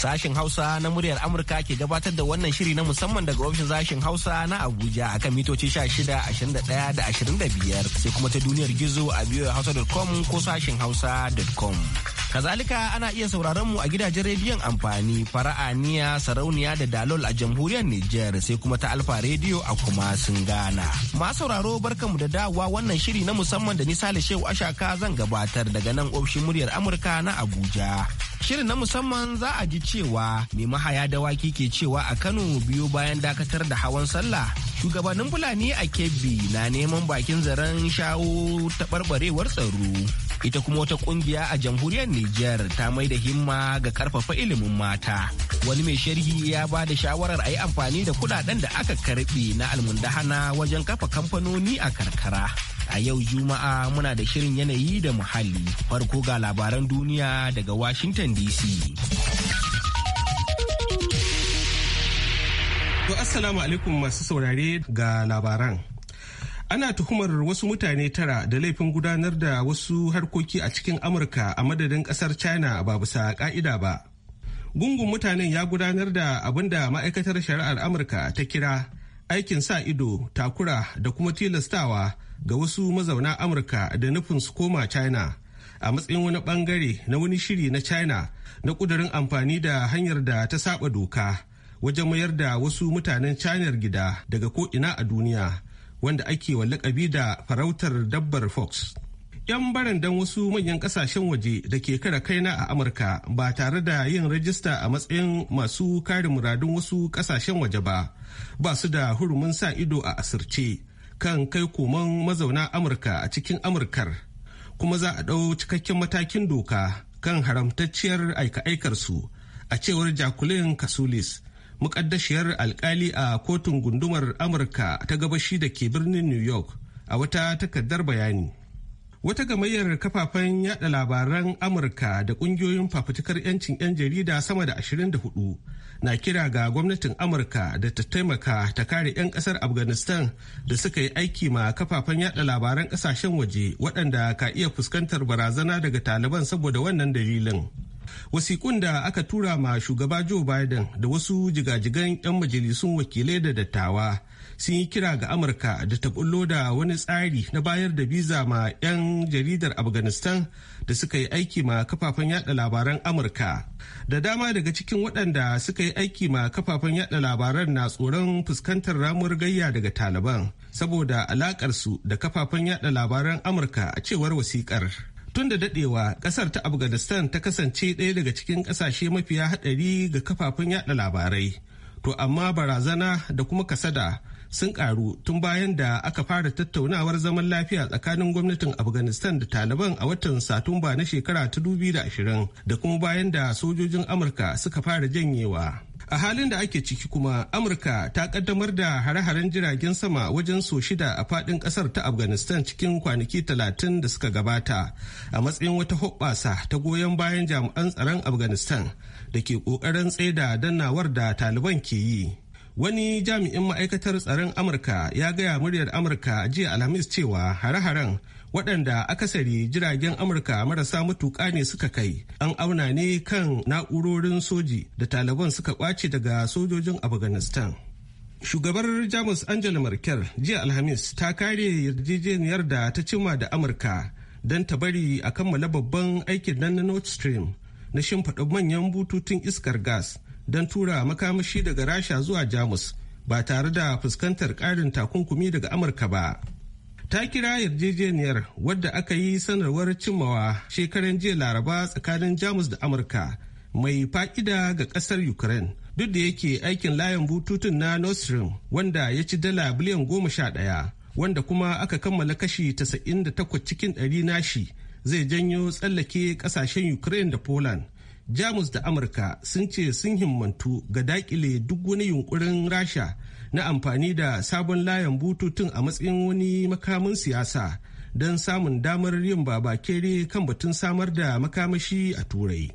Sashen Hausa na muryar Amurka ke gabatar da wannan shiri na musamman daga ofishin sashen Hausa na Abuja a kan mitoci 16, 21 da 25 sai kuma ta duniyar gizo a biyo hausa.com ko sashen hausa.com. Kazalika ana iya sauraron mu a gidajen rediyon amfani fara'aniya sarauniya da dalol a jamhuriyar niger sai kuma ta Alfa rediyo a kuma sun gana. Ma sauraro barkanmu da dawowa wannan shiri na musamman da nisa da Shehu Ashaka zan gabatar daga nan ofishin muryar Amurka na Abuja. Shirin na musamman za a ji cewa mai mahaya da dawaki ke cewa a Kano biyu bayan dakatar da hawan sallah shugabannin fulani a kebbi na neman bakin zaren shawo taɓarɓarewar tsaro ita kuma wata kungiya a jamhuriyar niger ta mai da himma ga karfafa ilimin mata wani mai sharhi ya ba da shawarar a yi amfani da kudaden da aka karbe na almundahana wajen kafa kamfanoni a karkara a yau juma'a muna da shirin yanayi da muhalli farko ga labaran duniya daga washington dc To Assalamu alaikum masu saurare ga labaran. Ana tuhumar wasu mutane tara da laifin gudanar da wasu harkoki a cikin Amurka a madadin kasar China ba bisa ka'ida ba. Gungun mutanen ya gudanar da abin da ma'aikatar shari'ar Amurka ta kira aikin sa ido, takura da kuma tilastawa ga wasu mazauna Amurka da nufin su koma China. a matsayin wani bangare na wani shiri na china na ƙudurin amfani da hanyar da ta saba doka wajen mayar da wasu mutanen chinar gida daga ko'ina a duniya wanda ake wa lakabi da farautar dabbar fox yan barandan wasu manyan kasashen waje da ke kara kaina a amurka ba tare da yin rajista a matsayin masu kare muradun wasu kasashen waje ba ba su da hurumin sa ido a asirce kan kai koman mazauna amurka a cikin amurkar kuma za a ɗau cikakken matakin doka kan haramtacciyar aika-aikarsu a cewar jacqueline kasulis mukaddashiyar alkali a kotun gundumar amurka ta gabashi da ke birnin new york a wata takardar bayani wata gamayyar kafafen yada labaran amurka da kungiyoyin fafutukar 'yancin 'yan jarida sama da 24 na kira ga gwamnatin amurka da ta taimaka ta kare 'yan kasar afghanistan da suka yi aiki ma kafafen yada labaran kasashen waje waɗanda ka iya fuskantar barazana daga taliban saboda wannan dalilin Wasiƙun da aka tura ma shugaba Joe Biden da wasu jigajigan 'yan majalisun wakilai da dattawa sun yi kira ga Amurka da ta bullo da wani tsari na bayar da biza ma 'yan jaridar Afghanistan da suka yi aiki ma kafafen yada labaran Amurka. Da dama daga cikin waɗanda suka yi aiki ma kafafen yada labaran na tsoron fuskantar ramuwar gayya daga Taliban saboda alakarsu da kafafen yada labaran Amurka a cewar wasikar. tun da dadewa kasar ta afghanistan ta kasance ɗaya daga cikin ƙasashe mafiya haɗari ga kafafen yada labarai to amma barazana da kuma kasada sun karu tun bayan da aka fara tattaunawar zaman lafiya tsakanin gwamnatin afghanistan da taliban a watan satumba na shekara ta dubi da 2020 da kuma bayan da sojojin amurka suka fara janyewa a halin da ake ciki kuma amurka ta kaddamar da hare-haren jiragen sama wajen so shida a fadin kasar ta afghanistan cikin kwanaki talatin da suka gabata a matsayin wata hoɓɓasa ta goyon bayan jami'an tsaron afghanistan da ke ƙoƙarin tsaida dannawar da taliban ke yi Wani jami'in ma'aikatar tsaron Amurka ya gaya muryar Amurka jiya Alhamis cewa hare-haren waɗanda akasari jiragen Amurka marasa matuƙa ne suka kai an auna ne kan na'urorin soji da Taliban suka kwace daga sojojin Afghanistan. Shugabar Jamus Angela Merkel jiya Alhamis ta kare yarjejeniyar da ta cima da Amurka don ta bari a kammala babban aikin nan na Nord Stream na shimfaɗa manyan bututun iskar gas. don tura makamashi daga rasha zuwa jamus ba tare da fuskantar ƙarin takunkumi daga amurka ba ta kira yarjejeniyar wadda aka yi sanarwar cimmawa shekaran jiya laraba tsakanin jamus da amurka mai fa'ida ga ƙasar ukraine duk da yake aikin layan bututun na nord wanda ya ci dala biliyan goma sha ɗaya wanda kuma aka kammala kashi 98 cikin ɗari nashi zai janyo tsallake ƙasashen ukraine da poland jamus da amurka sun ce sun himmantu ga dakile duk wani yunkurin rasha na amfani da sabon layan bututun a matsayin wani makamin siyasa don samun damar yin babakere kan batun samar da makamashi a turai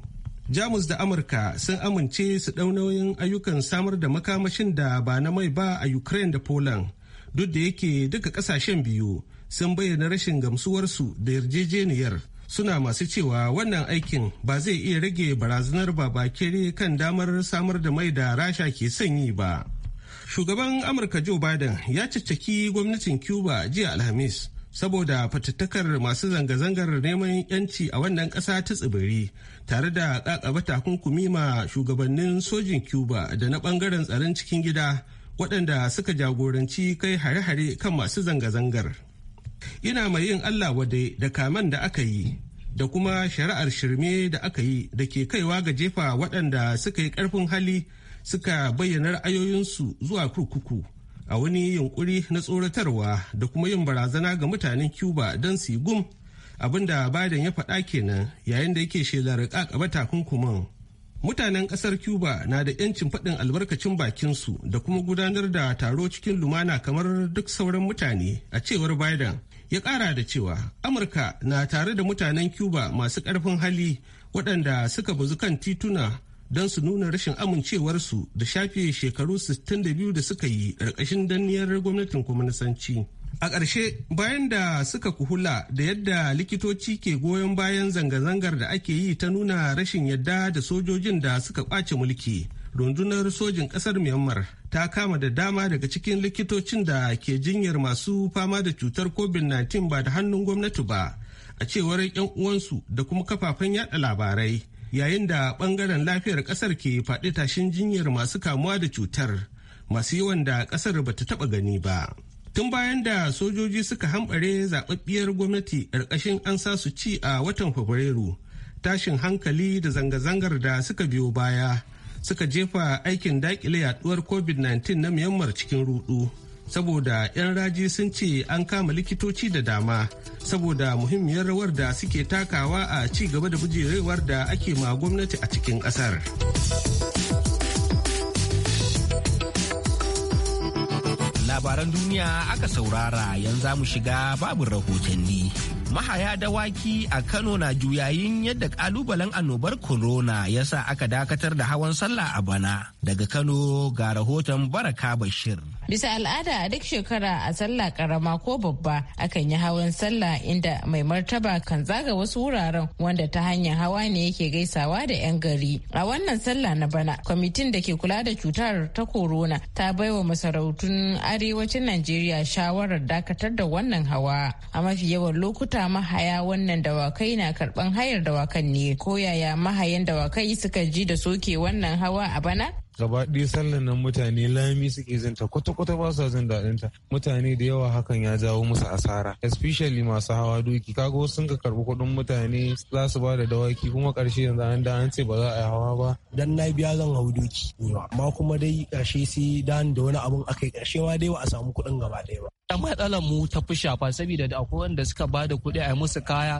jamus da amurka sun amince su nauyin ayyukan samar da makamashin da ba na mai ba a ukraine da poland duk da yake duka kasashen biyu sun bayyana rashin gamsuwarsu da yarjejeniyar suna masu cewa wannan aikin ba zai iya rage barazanar babakere kan damar samar da mai da rasha ke sanyi ba shugaban amurka joe biden ya caccaki gwamnatin cuba jiya alhamis saboda fatattakar masu zanga-zangar neman yanci a wannan ƙasa ta tsibiri tare da ƙaƙaba takunkumi ma shugabannin sojin cuba da na ɓangaren tsaron cikin gida waɗanda suka jagoranci kai hare-hare kan masu zanga-zangar. Ina mai yin Allah wadai da kaman da aka yi da kuma shari'ar shirme da aka yi da ke kaiwa ga jefa waɗanda suka yi ƙarfin hali suka bayyana ra'ayoyinsu zuwa kurkuku a wani yunkuri na tsoratarwa da kuma yin barazana ga mutanen cuba don su gum abinda biden ya faɗa kenan yayin da yake shelar ƙaƙaba takunkuman mutanen ƙasar cuba na da 'yancin faɗin albarkacin bakinsu da kuma gudanar da taro cikin lumana kamar duk sauran mutane a cewar biden ya kara da cewa amurka na tare da mutanen cuba masu karfin hali waɗanda suka bazu kan tituna don su nuna rashin amincewarsu da shafe shekaru 62 da suka yi ƙarƙashin danniyar gwamnatin kwamnisanci a ƙarshe bayan da suka kuhula da yadda likitoci ke goyon bayan zanga-zangar da ake yi ta nuna rashin yadda da sojojin da suka ƙwace mulki rundunar sojin ƙasar myanmar ta kama da dama daga cikin likitocin da ke jinyar masu fama da cutar covid-19 ba da hannun gwamnati ba a cewar 'yan uwansu da kuma kafafen yada labarai yayin da bangaren lafiyar kasar ke faɗi tashin jinyar masu kamuwa da cutar masu yawan da kasar ta taɓa gani ba tun bayan da sojoji suka hambare zaɓaɓɓiyar gwamnati ƙarƙashin an sa su ci a watan fabrairu tashin hankali da zanga-zangar da suka biyo baya suka jefa aikin dakile yaduwar covid-19 na myanmar cikin rudu saboda 'yan raji sun ce an kama likitoci da dama saboda muhimmiyar rawar da suke takawa a ci gaba da bujerewar da ake ma gwamnati a cikin ƙasar. labaran duniya aka saurara yanzu mu shiga babin rahotanni. mahaya dawaki a kano na juyayin yadda kalubalen annobar corona ya sa aka dakatar da hawan sallah a bana daga kano ga rahoton baraka bashir bisa al'ada a duk shekara a sallah karama ko babba akan yi hawan sallah inda mai martaba kan zaga wasu wuraren wanda ta hanyar hawa ne yake gaisawa da 'yan gari a wannan sallah na bana kwamitin da ke kula da cutar ta corona ta bai wa masarautun arewacin najeriya shawarar dakatar da wannan hawa a mafi yawan lokuta mahaya wannan dawakai na karban hayar dawakan ne ko yaya mahayan dawakai suka ji da soke wannan hawa a bana gaba ɗaya sallan nan mutane lami suke zinta kwata-kwata ba sa jin daɗin ta mutane da yawa hakan ya jawo musu asara especially masu hawa doki kago sun ka karɓi kuɗin mutane za su ba da dawaki kuma ƙarshe yanzu an da an ce ba za a yi hawa ba dan na biya zan hau doki amma kuma dai ƙarshe sai dan da wani abun akai ƙarshe ma dai ba a samu kuɗin gaba ɗaya ba matsalar mu ta fi shafa saboda da akwai wanda suka ba da kuɗi a yi musu kaya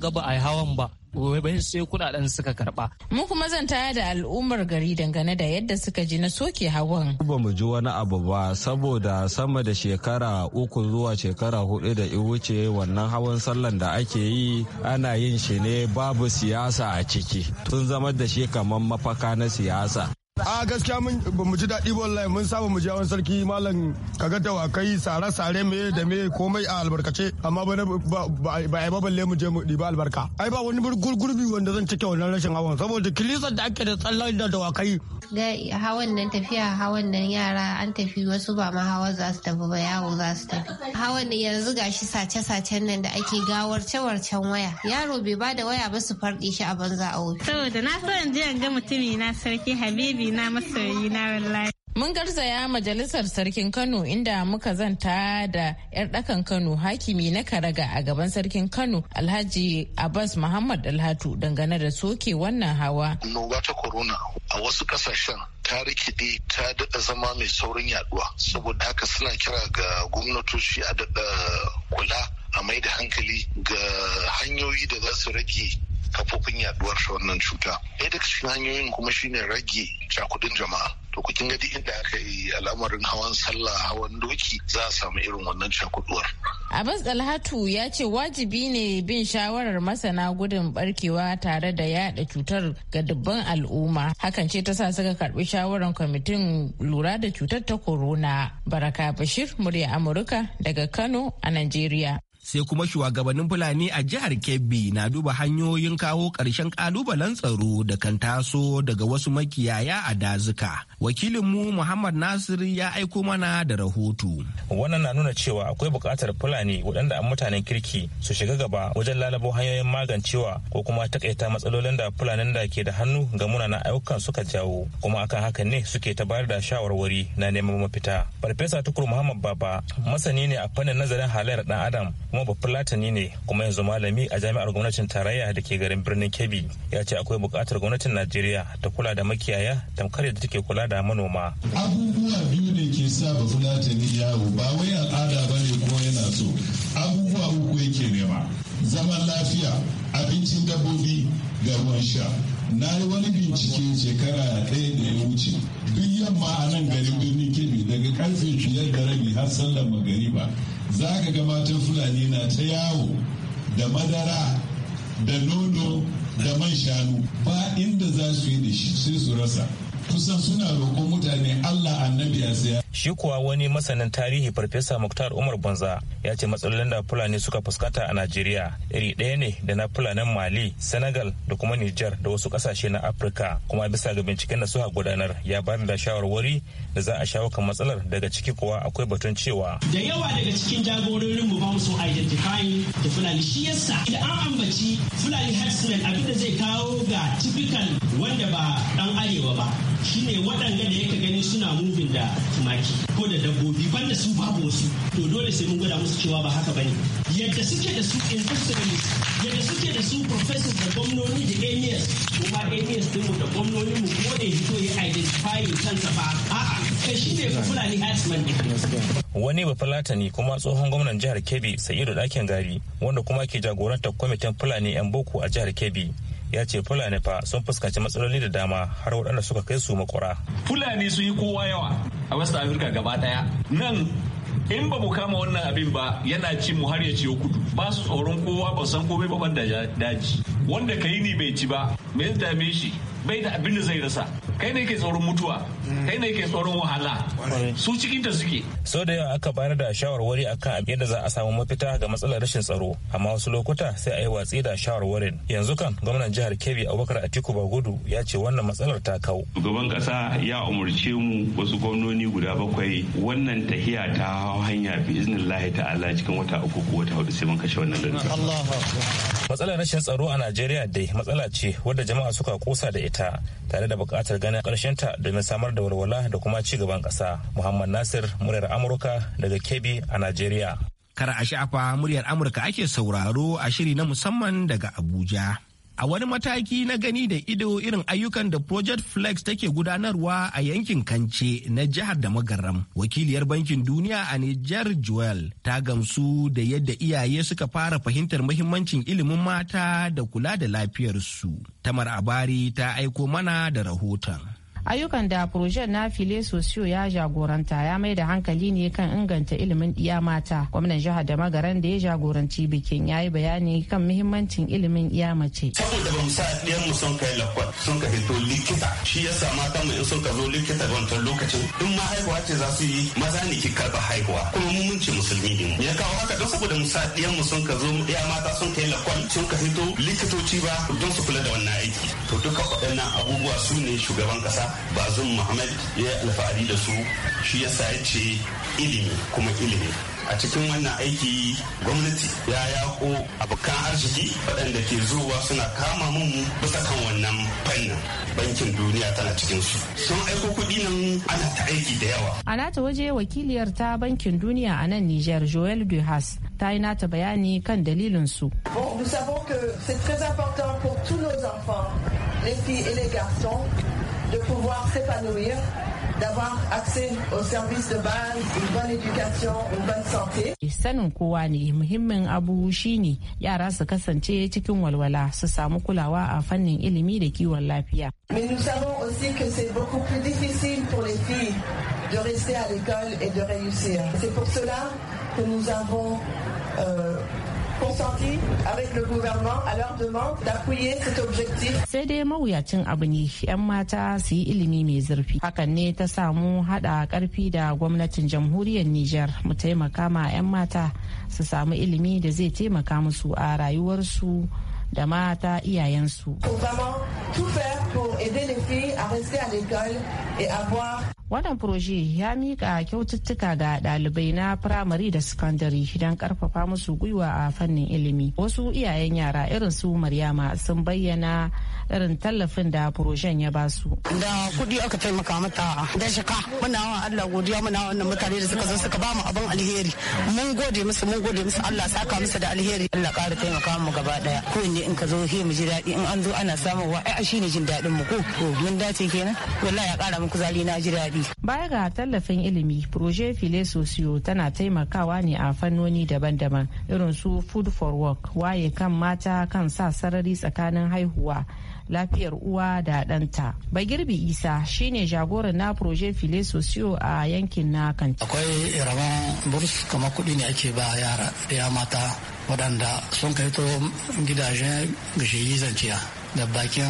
ga ba a yi hawan ba wai sai kuɗaɗen suka karɓa. Mu kuma zan taya da al'ummar gari dangane da yadda suka ji na soke hawan. Ba mu ji wani abu ba saboda sama da shekara uku zuwa shekara hudu da i wuce wannan hawan sallan da ake yi ana yin shi ne babu siyasa a ciki. tun zama da shi kamar mafaka na siyasa. a gaskiya mun ba ji daɗi wallahi mun saba mu ji a'wan sarki malam kaga da kai sare sare me da me komai a albarkace amma ba ba ai ba balle mu je mu ba albarka ai ba wani gurgurbi wanda zan cike wannan rashin hawan saboda kilisa da ake da tsallar da dawakai ga hawan nan tafiya hawan nan yara an tafi wasu ba ma hawa za su tafi ba yawo za su tafi hawan nan yanzu gashi sace-sacen nan da ake warce warcen waya yaro bai ba da waya ba su farɗi shi a banza a wuta saboda na so in ji in ga mutumi sarki habibi na masoyi na wallahi Mun garzaya majalisar sarkin Kano inda muka zanta da 'yar ɗakan Kano hakimi na karaga a gaban sarkin Kano Alhaji Abbas Muhammad Alhatu dangane da soke wannan hawa. Annoba ta corona a wasu ƙasashen ta rikide ta daɗa zama mai saurin yaduwa saboda haka suna kira ga gwamnatoci a daɗa kula a mai da hankali ga hanyoyi da za su rage kafofin yaduwar shi wannan cuta ɗaya daga cikin hanyoyin kuma shine rage cakudin jama'a to ku kin gadi inda aka yi al'amarin hawan sallah hawan doki za a samu irin wannan cakuduwar. Abbas alhatu ya ce wajibi ne bin shawarar masana gudun barkewa tare da yada cutar ga dubban al'umma. Hakan ce ta sa suka karbi shawarar kwamitin lura da cutar ta corona. Baraka Bashir, murya Amurka daga Kano a Najeriya. sai kuma shugabannin fulani a jihar kebbi na duba hanyoyin kawo ƙarshen ƙalubalen tsaro da kan taso daga wasu makiyaya a dazuka wakilinmu muhammad nasir ya aiko mana da rahoto wannan na nuna cewa akwai buƙatar fulani waɗanda an mutanen kirki su shiga gaba wajen lalabo hanyoyin magancewa ko kuma takaita matsalolin da fulanin da ke da hannu ga munanan ayyukan suka jawo kuma akan haka ne suke ta bayar da shawarwari na neman mafita farfesa tukur muhammad baba masani ne a fannin nazarin halayyar dan adam kuma bafulatani ne kuma yanzu malami a jami'ar gwamnatin tarayya da ke garin birnin kebbi ya ce akwai bukatar gwamnatin najeriya ta kula da makiyaya tamkar yadda take kula da manoma abubuwa biyu ne ke sa bafulatani yawo ba wai al'ada ba ne ko yana so abubuwa uku yake nema zaman lafiya abincin dabbobi da ruwan sha na yi wani bincike shekara ɗaya da ya wuce duk yamma a nan garin birnin kebbi daga karfe biyar da rabi har sallar magariba za ka ga matan fulani na ta yawo da madara da nono da man shanu ba inda za su yi da shi sai su rasa kusan suna roƙon mutane Allah annabi ya siya. Shi kuwa wani masanin tarihi Farfesa Muktar Umar Banza ya ce matsalolin da Fulani suka fuskanta a Najeriya iri ɗaya ne da na Fulanin Mali, Senegal da kuma Nijar da wasu ƙasashe na Afirka kuma bisa ga binciken da suka gudanar ya bayar da shawarwari da za a shawo kan matsalar daga ciki kuwa akwai batun cewa. Da yawa daga cikin jagororin mu ba mu so identifying da Fulani shi yasa idan an ambaci Fulani herdsmen abinda zai kawo ga typical wanda ba dan arewa ba shine waɗanda da yake gani suna mubin da tumaki ko da dabbobi banda su babu wasu to dole sai mun gwada musu cewa ba haka bane yadda suke da su industrialist yadda suke da su professors da gwamnoni da emirs kuma emirs din da gwamnoni mu ko da hito ya identify kansa ba a'a kai shine fulani herdsman din wani ne kuma tsohon gwamnan jihar kebbi sa'idu dakin gari wanda kuma ke jagorantar kwamitin fulani yan boko a jihar kebbi ya ce fulani fa sun fuskanci matsaloli da dama har waɗanda suka kai su makura fulani sun yi kowa yawa a west africa gaba daya nan in ba mu kama wannan abin ba yana ci mu har ya ci kudu ba su tsoron kowa ba san komai ba da daji wanda ka yi ni bai ci ba me ya dame shi bai da abin da zai rasa kai ne ke tsoron mutuwa kai ne ke tsoron wahala su cikin ta suke so da yawa aka bayar da shawarwari akan yadda za a samu mafita ga matsalar rashin tsaro amma wasu lokuta sai a yi watsi da shawarwarin yanzu kan gwamnan jihar kebbi abubakar atiku bagudu ya ce wannan matsalar ta kau shugaban kasa ya umarce mu wasu gwamnoni guda bakwai wannan tahiya ta hanya bi iznillahi ta'ala cikin wata uku ko wata hudu sai mun kashe wannan lantarki. matsalar rashin tsaro a najeriya dai matsala ce wadda jama'a suka kosa da ita tare da buƙatar ganin ta domin samar da walwala da kuma ci gaban ƙasa muhammad nasir muryar amurka daga kebbi a najeriya kar a sha'afa muryar amurka ake sauraro a shiri na musamman daga abuja a wani mataki na gani da ido irin ayyukan da project flex take gudanarwa a yankin kance na jihar da magaram wakiliyar bankin duniya a niger joel ta gamsu da yadda iyaye suka fara fahimtar mahimmancin ilimin mata da kula da lafiyarsu tamar abari ta aiko mana da rahoton ayyukan da projen na file sosiyo ya jagoranta ya mai da hankali ne kan inganta ilimin ɗiya mata gwamnan jihar da magaran da ya jagoranci bikin ya yi bayani kan muhimmancin ilimin ɗiya mace saboda ba mu sa ɗiyan mu sun kai lakwat sun ka fito likita shi ya sa mata mu in sun ka zo likita da wancan lokacin in ma haihuwa ce za su yi maza ne ki karɓa haihuwa kuma mu mun ce musulmi ne mu ya kawo haka don saboda mu sa ɗiyan mu sun ka zo ɗiya mata sun kai lakwat sun ka fito likitoci ba don su kula da wannan aiki to duka waɗannan abubuwa su ne shugaban ƙasa bazum muhammad ya yi alfahari da su shi yasa ya ce ilimi kuma ilimi a cikin wannan aiki gwamnati ya yako abokan arziki waɗanda ke zuwa suna kama mun bisa kan wannan fannin bankin duniya tana cikin su sun aiko kuɗi nan ana ta aiki da yawa a nata waje wakiliyar ta bankin duniya a nan niger joel duhas ta yi nata bayani kan dalilin su Bon, les filles de pouvoir s'épanouir, d'avoir accès aux services de base, une bonne éducation, une bonne santé. Mais nous savons aussi que c'est beaucoup plus difficile pour les filles de rester à l'école et de réussir. C'est pour cela que nous avons euh, consenti avec le gouvernement à leur demande d'appuyer cet objectif. Sai dai mawuyacin abu ne 'yan mata su yi ilimi mai zurfi. Hakan ne ta samu hada karfi da gwamnatin jamhuriyar Nijar mu taimaka ma 'yan mata su samu ilimi da zai taimaka musu a rayuwarsu da mata iyayensu. Pour aider les filles à rester à l'école et avoir wannan furoje ya mika kyaututtuka ga dalibai na firamare da sakandare don karfafa musu gwiwa a fannin ilimi wasu iyayen yara irin su maryama sun bayyana irin tallafin da furojen ya basu da kuɗi aka taimaka mata da shika muna wa Allah godiya muna wannan mutane da suka zo suka ba mu abin alheri mun gode musu mun gode musu Allah saka musu da alheri Allah kara taimaka mu gaba daya ko ne in ka zo he mu ji daɗi in an zo ana samun wa ai shine jin daɗin mu ko mun dace kenan wallahi ya ƙara muku zali na ji daɗi kuɗi. Baya ga tallafin ilimi, Proje File Sosiyo tana taimakawa ne a fannoni daban-daban irin su Food for Work, waye kan mata kan sa sarari tsakanin haihuwa. lafiyar uwa da ɗanta. Bagirbi Isa shine jagoran na Proje File Sosiyo a yankin na Kanti. Akwai rabon burs kamar kuɗi ne ake ba yara da mata waɗanda sun kai to gidajen yi zanciya da bakin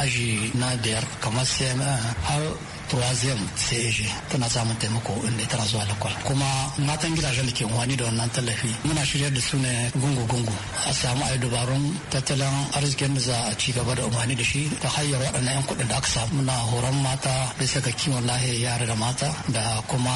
aji na biyar kamar sai eh, har troisième sai tana samun taimako inda tana zuwa lakwal kuma matan gidajen da ke wani da wannan tallafi muna shiryar da su ne gungu-gungu a samu a yi dubarun tattalin arzikin da za a ci gaba da umarni da shi ta hanyar waɗannan 'yan kuɗin da aka samu na horon mata bisa ga kiwon lahiyar yara da mata da kuma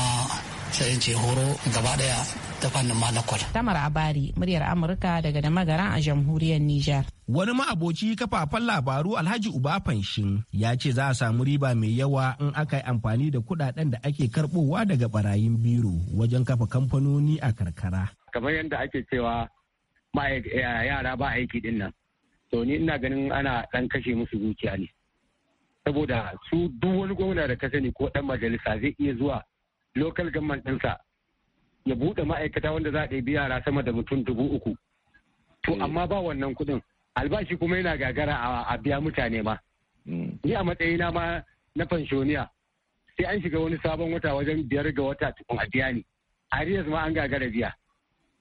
sai ce horo gaba daya ta fannin malakwal. Tamar Abari, muryar Amurka daga da a jamhuriyar Nijar. Wani ma'aboci kafafen labaru Alhaji Uba Fanshin ya ce za a samu riba mai yawa in aka yi amfani da kudaden da ake karbowa daga barayin biro wajen kafa kamfanoni a karkara. Kamar yadda ake cewa yara ba aiki din nan. To ni ina ganin ana ɗan kashe musu zuciya ne. Saboda su duk wani gwamna da ka sani ko ɗan majalisa zai iya zuwa local government ɗinsa ya buɗe ma'aikata wanda za a ɗebi yara sama da mutum dubu uku. To hmm. amma ba wannan kuɗin albashi kuma yana gagara a biya mutane ma. Hmm. Ni a matsayina ma na fanshoniya sai an shiga wani sabon wata wajen biyar ga wata tukun a biya ni. Arias ma an gagara biya.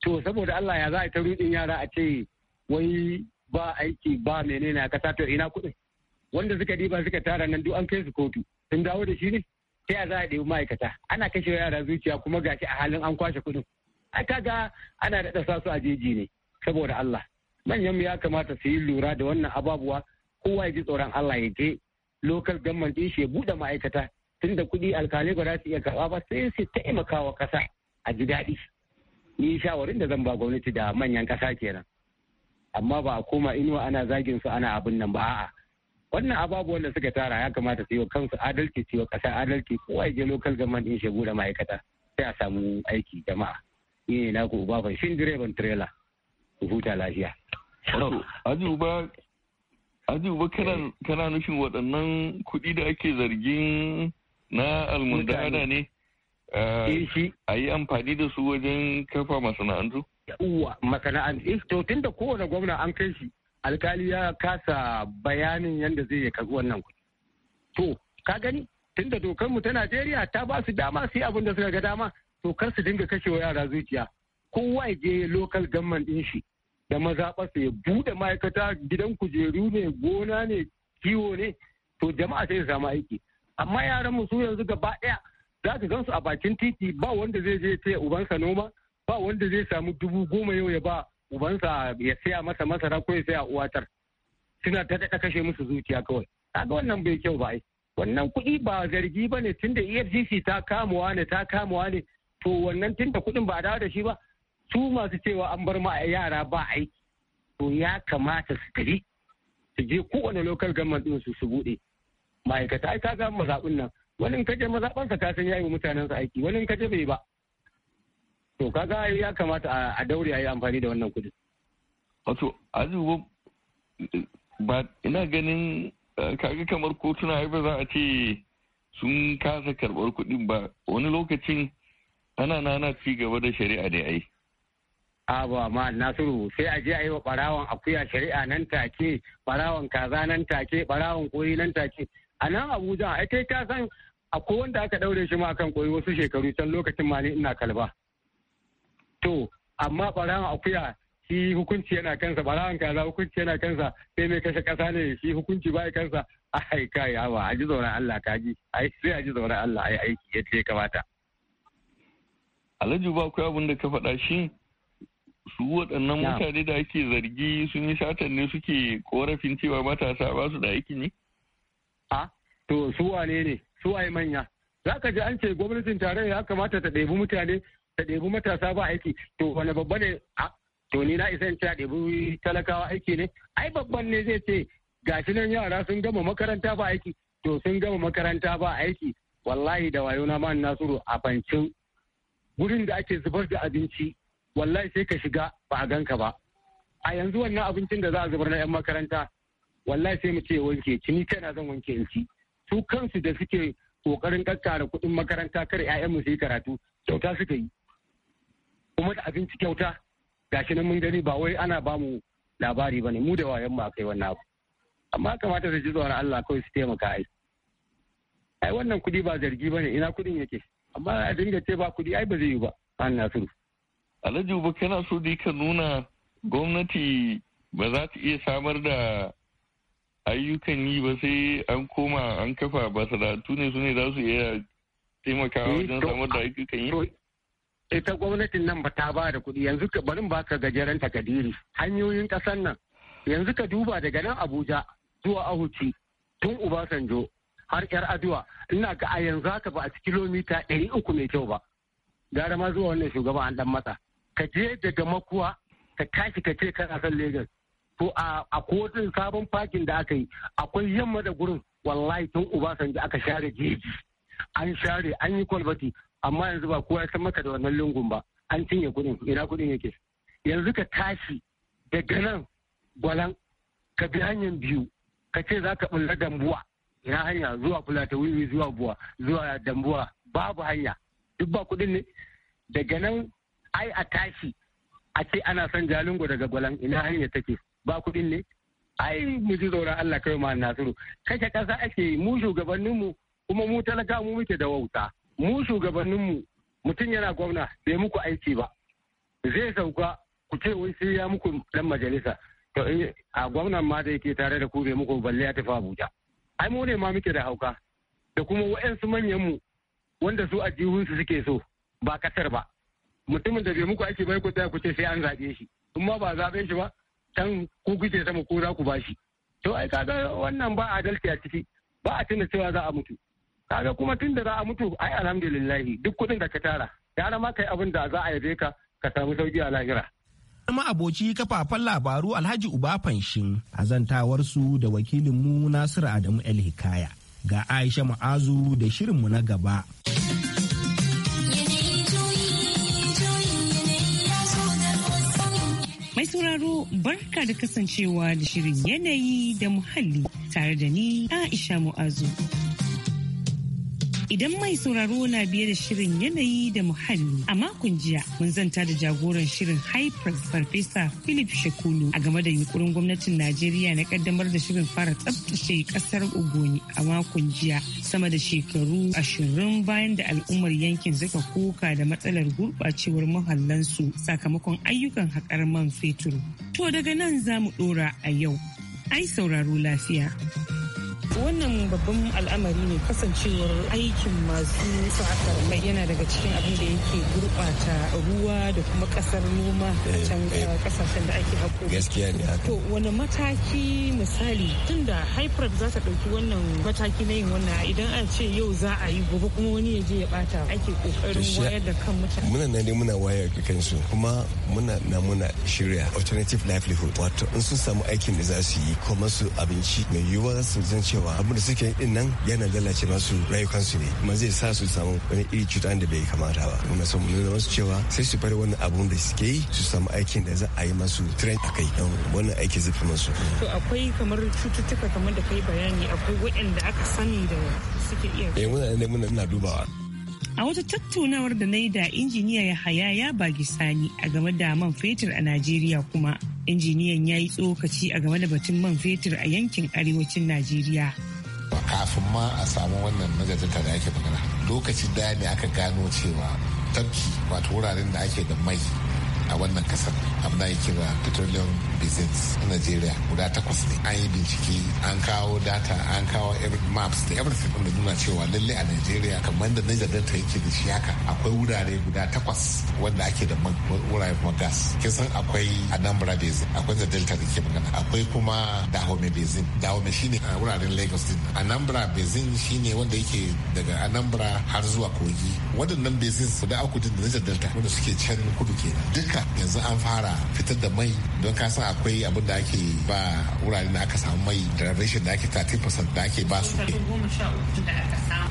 To saboda Allah ya za a ta ruɗin yara a ce wai ba aiki ba menene a kasa ina kuɗin. Wanda suka diba suka tara nan duk an kai su kotu. Sun dawo da shi ne? sai a za a ɗebi ma'aikata ana kashe yara zuciya kuma gashi a halin an kwashe kuɗin a kaga ana daɗa sa su a jeji ne saboda Allah manyan ya kamata su yi lura da wannan ababuwa kowa ya ji tsoron Allah ya je local government din shi ya buɗe ma'aikata tunda kuɗi alkalai ba za su iya karɓa ba sai su taimakawa ƙasa a ji daɗi ni shawarin da zan ba gwamnati da manyan ƙasa kenan amma ba a koma inuwa ana zagin su ana abin nan ba a'a wannan ababu wanda suka tara ya kamata su yi wa kansu adalci su yi wa ƙasa adalci kowa ya je local government din shegu da ma'aikata sai a samu aiki jama'a ni ne naku uba fa shin direban trailer ku huta lafiya aji uba aji uba kana eh. kana nufin waɗannan kuɗi da ake zargin na almundana ne eh, eh, a yi amfani da su wajen kafa masana'antu? Uwa masana'antu to tun da kowane gwamna an kai shi alkali ya kasa bayanin yadda zai karɓi wannan kuɗi to ka gani tunda dokar mu ta Najeriya ta ba su dama su yi abin da suka ga dama to kar su dinga kashe wa yara zuciya kowa ya je local government ɗin shi da mazaɓarsa ya buɗe ma'aikata gidan kujeru ne gona ne kiwo ne to jama'a sai su samu aiki amma yaran mu su yanzu gaba ɗaya za ka gan a bakin titi ba wanda zai je ce ubansa noma ba wanda zai samu dubu goma yau ya ba ubansa ya siya masa masara ko ya saya uwatar suna ta daɗa kashe musu zuciya kawai kaga wannan bai kyau ba ai wannan kuɗi ba zargi ba ne tunda efcc ta kamuwa ne ta kamuwa ne to wannan tunda kuɗin ba a dawo da shi ba su masu cewa an bar ma yara ba aiki to ya kamata su tafi su je kowane lokal government din su su buɗe ma'aikata ai ka ga mazaɓin nan wani in kaje mazaɓansa ka san ya yi mutanen mutanensa aiki wani in kaje bai ba to kaga ya kamata a daure a amfani da wannan kudin wato azubu ba ina ganin eh, kaga kamar kotuna ai ba za a ce sun kasa karbar kudin ba wani lokacin ana nana ci gaba da shari'a da ai a ba ma nasiru sai a je a yi wa barawon akuya shari'a nan take barawan kaza nan take barawan koyi nan take a nan abuja a kai ka san akwai wanda aka daure shi ma kan koyi wasu shekaru can lokacin ma ni ina kalba to amma ɓarawan akuya shi hukunci yana kansa ɓarawan kaza hukunci yana kansa sai mai kashe ƙasa ne shi hukunci ba kansa ai kai yawa a ji tsoron Allah kaji ai sai a ji tsoron Allah ai aiki yadda ya kamata Alhaji ba ku abin da ka faɗa shi su waɗannan mutane da ake zargi sun yi satan ne suke korafin cewa matasa ba su da aiki ne? A, to su wane ne, su ai manya. Za ka ji an ce gwamnatin tarayya ya kamata ta ɗebi mutane ta ɗebi matasa ba aiki to wani babba ne to ni na isa in ta talakawa aiki ne ai babban ne zai ce gashi nan yara sun gama makaranta ba aiki to sun gama makaranta ba aiki wallahi da wayo na man nasiru a bancin gurin da ake zubar da abinci wallahi sai ka shiga ba a ganka ba a yanzu wannan abincin da za a zubar na yan makaranta wallahi sai mu ce wanke ci ni kaina zan wanke in ci su kansu da suke kokarin kakkara kuɗin makaranta kar mu su yi karatu kyauta suka yi kuma da abinci kyauta gashi nan mun gani ba wai ana bamu labari ba ne mu da wayan mu akai wannan abu amma kamata da ji tsoron Allah kawai su taimaka ai ai wannan kudi ba zargi ba ne ina kudin yake amma a dinga ce ba kudi ai ba zai yi ba an nasiru Alhaji Uba kana so dai ka nuna gwamnati ba za ta iya samar da ayyukan yi ba sai an koma an kafa ba sadatu ne su ne za su iya taimakawa eh, wajen samar da ayyukan yi? ita gwamnatin nan ba ta ba da kuɗi yanzu ka barin ka gajeren takadiri hanyoyin ƙasar nan yanzu ka duba daga nan abuja zuwa ahuci tun ubasanjo har yar aduwa ina ga a yanzu haka ba a ci kilomita ɗari uku mai kyau ba gara ma zuwa wannan shugaba an dan mata ka je daga makuwa ka tashi ka ce kana san lagos to a kotun sabon fakin da aka yi akwai yamma da gurin wallahi tun ubasanjo aka share jeji an share an yi kwalbati amma yanzu ba kowa ya san maka da wannan lungun ba an cinye kuɗin ina kuɗin yake yanzu ka tashi daga nan gwalan ka bi hanyar biyu ka ce za ka bulla dambuwa ina hanya zuwa kula ta wiwi zuwa buwa zuwa dambuwa babu hanya duk ba kuɗin ne daga nan ai a tashi a ce ana son jalingo daga gwalan ina hanya take ba kuɗin ne ai mu ji tsoron Allah kai ma nasiru kashe ƙasa ake yi mu shugabanninmu kuma mu talaka mu muke da wauta mu shugabanninmu mutum yana gwamna bai muku aiki ba zai sauka ku ce wai sai ya muku dan majalisa to eh, a gwamnan ma da yake tare da ku bai muku balle ya tafi Abuja ai mu ne ma muke da hauka da kuma wa'ansu manyan mu wanda su a jihunsu suke so ba kasar ba mutumin da bai muku aiki ba ku ku ce sai an zaɓe shi in ma ba zaɓe shi ba can ku kuke sama ko za ku bashi to ai kaga wannan ba adalci a ciki ba a tuna cewa za a mutu kaga kuma tun da za a mutu ai alhamdulillahi duk kuɗin da ka tara yara ma kai abin da za a yabe ka ka samu sauki a lahira kuma aboci kafafen labaru Alhaji Uba Fanshin azantawar su da wakilin mu Nasiru Adamu El Hikaya ga Aisha Ma'azu da shirinmu na gaba. Mai sauraro barka da kasancewa da shirin yanayi da muhalli tare da ni Aisha Mu'azu. Idan mai sauraro na biye da shirin yanayi da muhalli a makon jiya mun zanta da jagoran shirin Hypress Farfesa Philip Shekulu a game da yunkurin gwamnatin Najeriya na kaddamar da shirin fara tsabtace kasar ugoni a makon jiya sama da shekaru ashirin bayan da al'ummar yankin suka koka da matsalar gurɓacewar muhallansu sakamakon ayyukan haƙar man fetur. To daga nan za mu ɗora a yau. Ai sauraro lafiya. wannan babban al'amari ne kasancewar aikin masu sa'akar mai yana daga cikin abin da yake gurɓata ruwa da kuma ƙasar noma a eh, can kasashen eh. da ake hako. gaskiya ne to wani mataki misali tunda hyprep za ta ɗauki wannan mataki na yin wannan idan a ce yau za a yi gobe kuma wani ya je ya bata ake kokarin wayar da kan mutane muna nan ne muna wayar da kansu kuma muna na muna shirya alternative livelihood wato in sun samu aikin da za su yi kuma su abinci mai yiwuwa su zan cewa abin da suke din nan yana lalace masu rayukansu ne kuma zai sa su samu wani iri cuta da bai kamata ba kuma sun nuna masu cewa sai su bar wannan abun da suke yi su samu aikin da za a yi masu train a kai don wannan aiki zai fi masu. to akwai kamar cututtuka kamar da kai bayani akwai waɗanda aka sani da suke iya. eh muna ne muna dubawa. a wata tattaunawar da na yi da injiniya ya haya ya bagi sani a game da man fetur a najeriya kuma injiniyan ya yi tsokaci a game da batun man fetur a yankin arewacin najeriya kafin ma a samu wannan majalisa da ake magana lokaci daya ne aka gano cewa tafki wato wuraren da ake da mai a wannan kasar amma ya kira petroleum business a nigeria guda takwas ne an yi bincike an kawo data an kawo maps da everything da nuna cewa lalle a nigeria kamar da niger delta yake da shi haka akwai wurare guda takwas wanda ake da wurare kuma gas kin san akwai anambra basin akwai da delta da ke magana akwai kuma dahome basin dahome shine wuraren lagos din anambra basin shine wanda yake daga anambra har zuwa kogi waɗannan basin guda uku din da niger delta wanda suke can kudu kenan duka haka yanzu an fara fitar da mai don ka san akwai abin da ake ba wurare da aka samu mai da rashin da ake 30% da ake ba su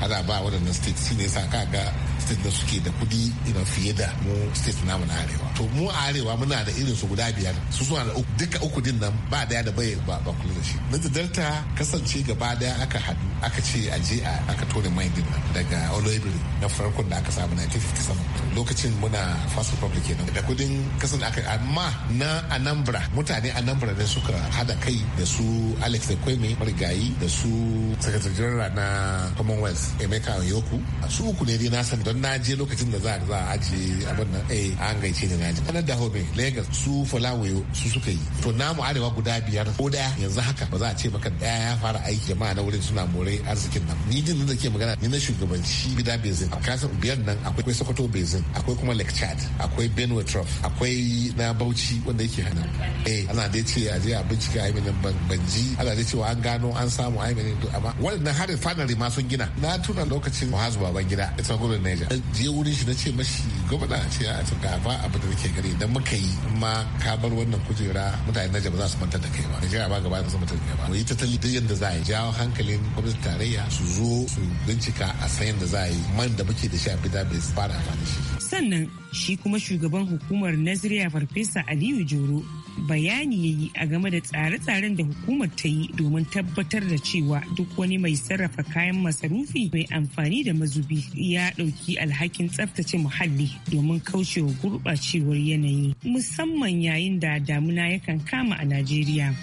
ana ba waɗannan state shi ne sa ka ga state da suke da kudi irin fiye da mu state namu na arewa to mu a arewa muna da irin su guda biyar su suna da duka uku din nan ba daya da bai ba ba kula da shi Niger Delta kasance gaba daya aka hadu aka ce a je a aka tone mai din nan daga olobiri na farkon da aka samu 1957 lokacin muna First Republic kenan da kudin kasan aka amma na Anambra mutane Anambra ne suka hada kai da su Alex da Kweme marigayi da su Secretary General na Commonwealth Emeka Yoku su uku ne dai na san don na je lokacin da za a ajiye abin nan eh an gaice ni na je Kana da hobe legas su falawayo su suka yi to namu arewa guda biyar ko da yanzu haka ba za a ce maka daya ya fara aiki jama'a na wurin suna more arzikin nan ni din da ke magana ni na shugabanci gida bezin kasan biyar nan akwai sokoto bezin akwai kuma lake chad akwai benue trough akwai na bauchi wanda yake hana eh ana dai ce a je a bincika aiminin banji ana dai cewa an gano an samu aiminin amma waɗannan harin fanari ma sun gina na tuna lokacin muhazu baban gida ita gwamnatin niger je wurin shi na ce mashi gwamna a ce a ah, ga ba abu da nake gari idan muka yi ma ka bar wannan kujera mutane na jaba za su manta da kai ba Najeriya ba gaba da su manta da kai ba yi tattali duk yadda za a yi jawo hankalin gwamnati tarayya su zo su bincika a san yadda za a yi man da muke da shi a fita bai fara amfani shi sannan shi kuma shugaban hukumar nazariya Farfesa Aliyu Joro bayani ya yi a game da tsare-tsaren da hukumar ta yi domin tabbatar da cewa duk wani mai sarrafa kayan masarufi mai amfani da mazubi ya ɗauki alhakin tsaftace muhalli domin kaucewa gurɓacewar yanayi musamman yayin da damuna yakan kama a Najeriya.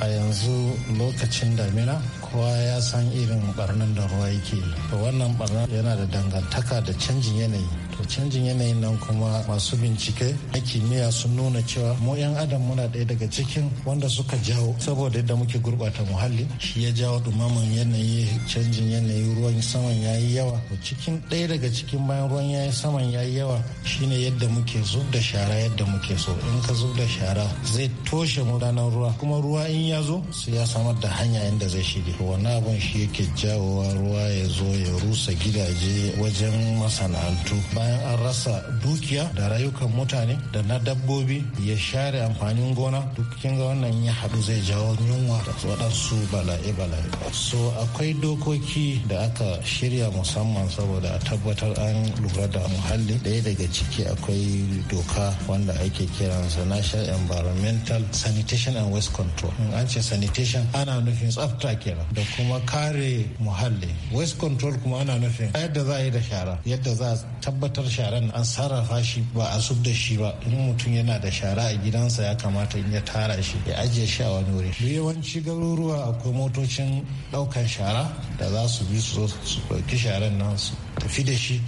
A yanzu lokacin damina kowa ya san irin barnan da ruwa yake to wannan barnan yana da dangantaka da canjin yanayi to canjin yanayin nan kuma masu bincike na kimiyya sun nuna cewa mu 'yan adam muna ɗaya daga cikin wanda suka jawo saboda yadda muke gurɓata muhalli shi ya jawo dumaman yanayi canjin yanayi ruwan saman ya yi yawa to cikin ɗaya daga cikin bayan ruwan ya yi saman ya yi yawa shine yadda muke zub da shara yadda muke so in ka zub da shara zai toshe mu ruwa kuma ruwa in ya zo su ya samar da hanya inda zai shige wani abin shi yake jawowa ruwa ya zo ya rusa gidaje wajen masana'antu bayan an rasa dukiya da rayukan mutane da na dabbobi ya share amfanin gona duk kin ga wannan ya haɗu zai jawo yunwa da waɗansu bala'i-bala'i so akwai dokoki da aka shirya musamman saboda a tabbatar an lura da muhalli ɗaya daga ciki akwai doka wanda ake kiransa national environmental sanitation and waste control in an ce sanitation ana nufin tsafta kenan da kuma kare muhalli waste control kuma ana nufin yadda za a yi da shara yadda za a tabbatar sharan an sarrafa shi ba a da shi ba in mutum yana da shara a gidansa ya kamata in ya tara shi ya ajiye shi a wani wuri duk yawanci garuruwa akwai motocin ɗaukan shara da za su bi su su ɗauki sharan nan su tafi da shi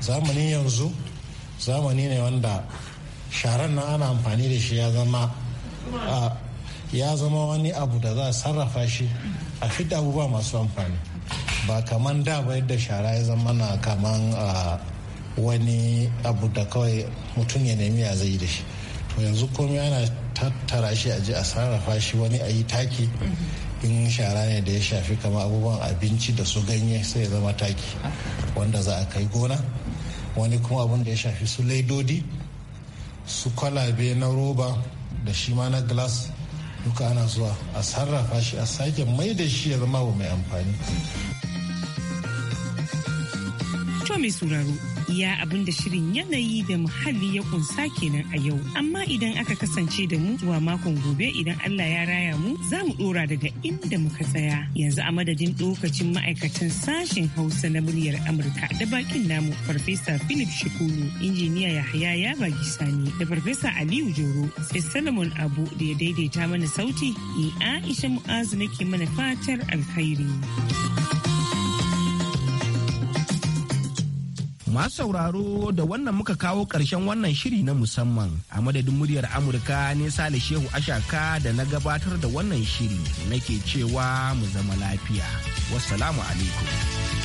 zamanin yanzu zamani ne wanda sharan nan ana amfani da shi ya zama ya zama wani abu da za a sarrafa shi a fidda abubuwa masu amfani ba kaman da ba yadda shara ya zama na kaman wani abu da kawai mutum ya nemi ya zai da shi to yanzu komai ana tattara shi a ji a sarrafa shi wani a yi taki in shara ne da ya shafi kamar abubuwan abinci da su ganye sai ya zama taki wanda za a kai gona wani kuma abun da ya shafi su laidodi su kwalabe na roba da shi ma na glass duka ana zuwa a sarrafa shi a sake mai da shi ya zama mai amfani. To mai Iya abin da shirin yanayi da muhalli ya kunsa kenan a yau. Amma idan aka kasance da mu zuwa makon gobe idan Allah ya raya mu za mu dora daga inda muka tsaya. Yanzu a madadin lokacin ma'aikatan sashen Hausa na muryar Amurka da bakin namu Farfesa Philip Shikulu, injiniya Yahaya baki Sani, da Farfesa Aliyu Joro sai Solomon Abu da ya daidaita mana sauti. Ni Aisha Mu'azu nake mana fatar alkhairi. Masu sauraro da wannan muka kawo ƙarshen wannan shiri na musamman a madadin muryar Amurka ne Sale Shehu Ashaka da na gabatar da wannan shiri nake cewa mu zama lafiya. Wassalamu alaikum.